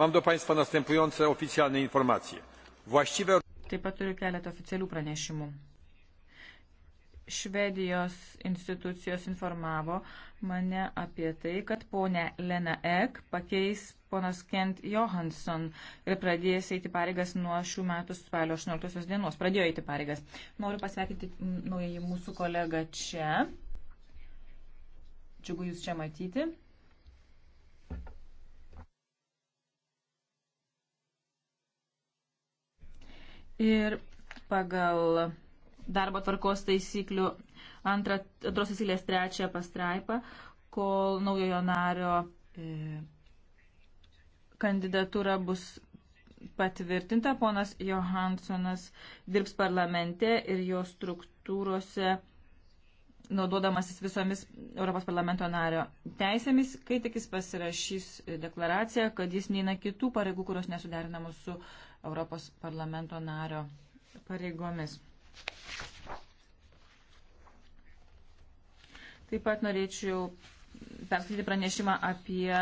Mam do Państwa następujące oficjalne informacje. Właściwe... Taip pat turiu keletą oficialių pranešimų. Švedijos institucijos informavo mane apie tai, kad ponę Lena Ek pakeis ponas Kent Johansson ir pradės eiti pareigas nuo šių metų spalio 18 dienos. Pradėjo eiti pareigas. Noriu pasveikinti naująjį mūsų kolegą čia. Džiugu jūs čia matyti. Ir pagal darbo tvarkos taisyklių antrą, antros taisyklės trečią pastraipą, kol naujojo nario e, kandidatūra bus patvirtinta, ponas Johansonas dirbs parlamente ir jo struktūrose naudodamasis visomis Europos parlamento nario teisėmis, kai tik jis pasirašys deklaraciją, kad jis neina kitų pareigų, kurios nesuderinamos su Europos parlamento nario pareigomis. Taip pat norėčiau perskaityti pranešimą apie